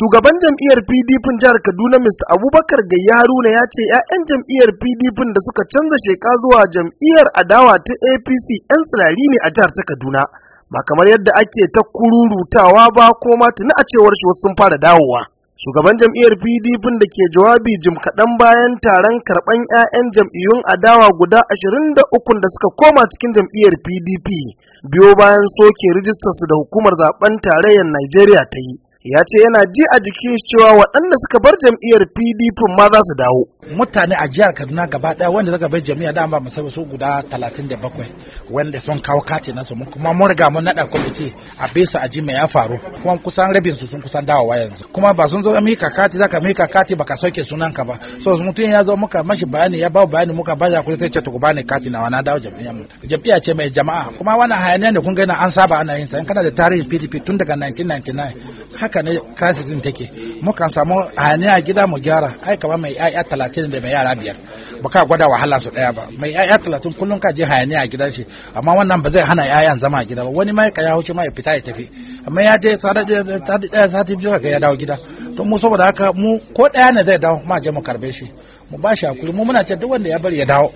shugaban jam'iyyar pdp jihar kaduna mr abubakar gayya haruna ya ce 'ya'yan jam'iyyar pdp da suka canza sheka zuwa jam'iyyar adawa ta apc 'yan tsirari ne a jihar ta kaduna ba kamar yadda ake ta kururutawa ba ko ma tuni a cewar shi wasu sun fara dawowa shugaban jam'iyyar pdp da ke jawabi jim kaɗan bayan taron karɓan 'ya'yan jam'iyyun adawa guda 23 da suka koma cikin jam'iyyar pdp biyo bayan soke rijistarsu da hukumar zaben tarayyar najeriya ta yi ya ce yana ji a jikin cewa waɗanda suka bar jam'iyyar pdp ma za su dawo mutane a jihar kaduna gaba ɗaya wanda suka bar jam'iyyar da ba musamman su guda 37 wanda sun kawo kati nasu kuma mun riga mun naɗa kwamiti a bisa aji mai ya faru kuma kusan rabin su sun kusan dawowa yanzu kuma ba sun zo mika kati zaka mika kati baka sauke sunan ka ba so mutum ya zo muka mashi bayani ya ba bayani muka ba ya sai ce ku bani kati na wana dawo jam'iyyar mu jam'iyya ce mai jama'a kuma wannan hayaniya ne kun ga an saba ana yin sa kana da tarihin pdp tun daga 1999 haka ne crisis take mukan samu a gida mu gyara ai kamar mai yaya talatin da mai yara biyar ba ka gwada wahala su daya ba mai yaya talatin kullum ka je hani a gidan shi amma wannan ba zai hana yayan zama a gida ba wani mai kaya huce mai ya fita ya tafi amma ya je sati daya sati biyu ka ya dawo gida to mu saboda haka mu ko daya ne zai dawo ma je mu karbe shi mu ba shi hakuri mu muna ce duk wanda ya bari ya dawo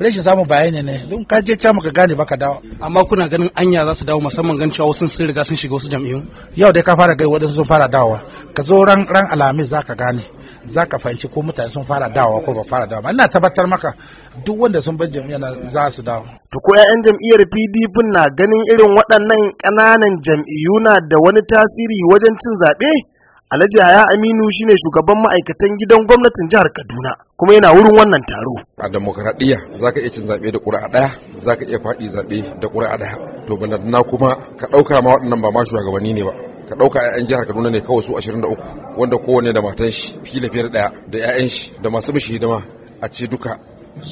rashin samun bayani ne don ka je can ka gane baka dawo amma kuna ganin anya za su dawo musamman gan cewa wasu sun riga sun shiga wasu jam'iyyu yau dai ka fara gai wadansu sun fara dawowa ka zo ran ran alamin za ka gane za ka fahimci ko mutane sun fara dawowa ko ba fara dawowa ina tabbatar maka duk wanda sun bar jam'iyyar za su dawo to ko 'ya'yan jam'iyyar PDP na ganin irin waɗannan ƙananan jam'iyyu na da wani tasiri wajen cin zaɓe Alhaji yaya Aminu shine shugaban ma'aikatan gidan gwamnatin jihar Kaduna kuma yana wurin wannan taro. A za zaka iya cin zaɓe da ƙuri'a ɗaya, zaka iya faɗi zaɓe da ƙuri'a ɗaya. To na kuma ka ɗauka ma waɗannan ba ma shugabanni ne ba. ka ɗauka 'ya'yan jihar kaduna ne kawai su 23 wanda kowane da matan shi fila fiye da ɗaya da 'ya'yan shi da masu mishi hidima a ce duka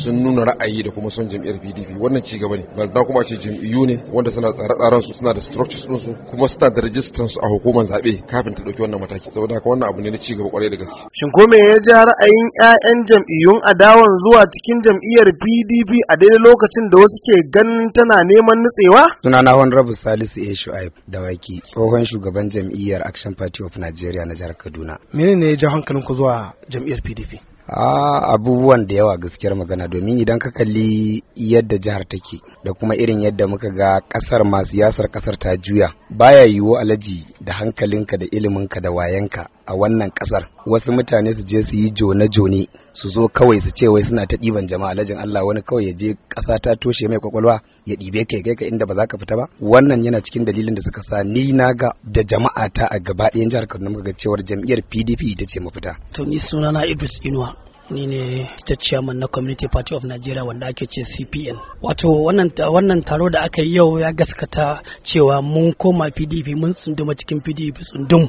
sun nuna ra'ayi da kuma son jam'iyyar PDP wannan ci gaba ne balda kuma ce jam'iyyu ne wanda suna tsare-tsaren su suna da structures din su kuma suna da registers a hukumar zabe kafin ta dauki wannan mataki saboda haka wannan abu ne na ci gaba kwarai da gaske shin ko me ya ja ra'ayin ƴaƴan jam'iyyun adawan zuwa cikin jam'iyyar PDP a daidai lokacin da wasu ke ganin tana neman nutsewa Suna sunana Honorable Salisu A Shu'aib Dawaki tsohon shugaban jam'iyyar Action Party of Nigeria na jihar Kaduna menene ya ja hankalinku zuwa jam'iyyar PDP Aa, abubuwan da yawa gaskiyar magana domin idan ka kalli yadda jihar take da kuma irin yadda muka ga kasar ma siyasar kasar ta juya baya yiwu alaji da hankalinka da iliminka da wayanka a wannan kasar wasu mutane su je su yi jone-jone su zo kawai su ce wai suna ta ɗiban jama'a lajin Allah wani kawai ya je ƙasa ta toshe mai kwakwalwa ya ɗibe kai kai ka inda ba za ka fita ba wannan yana cikin dalilin da suka sa ni na ga da jama'a ta a gaba ɗayan jihar Kaduna muka ga cewar jam'iyyar PDP ita ce mafita. To ni sunana Idris Inuwa ni ne ta chairman na community party of nigeria wanda ake ce cpn wato wannan taro da aka yi yau ya gaskata cewa mun koma pdp mun tsunduma cikin pdp tsundum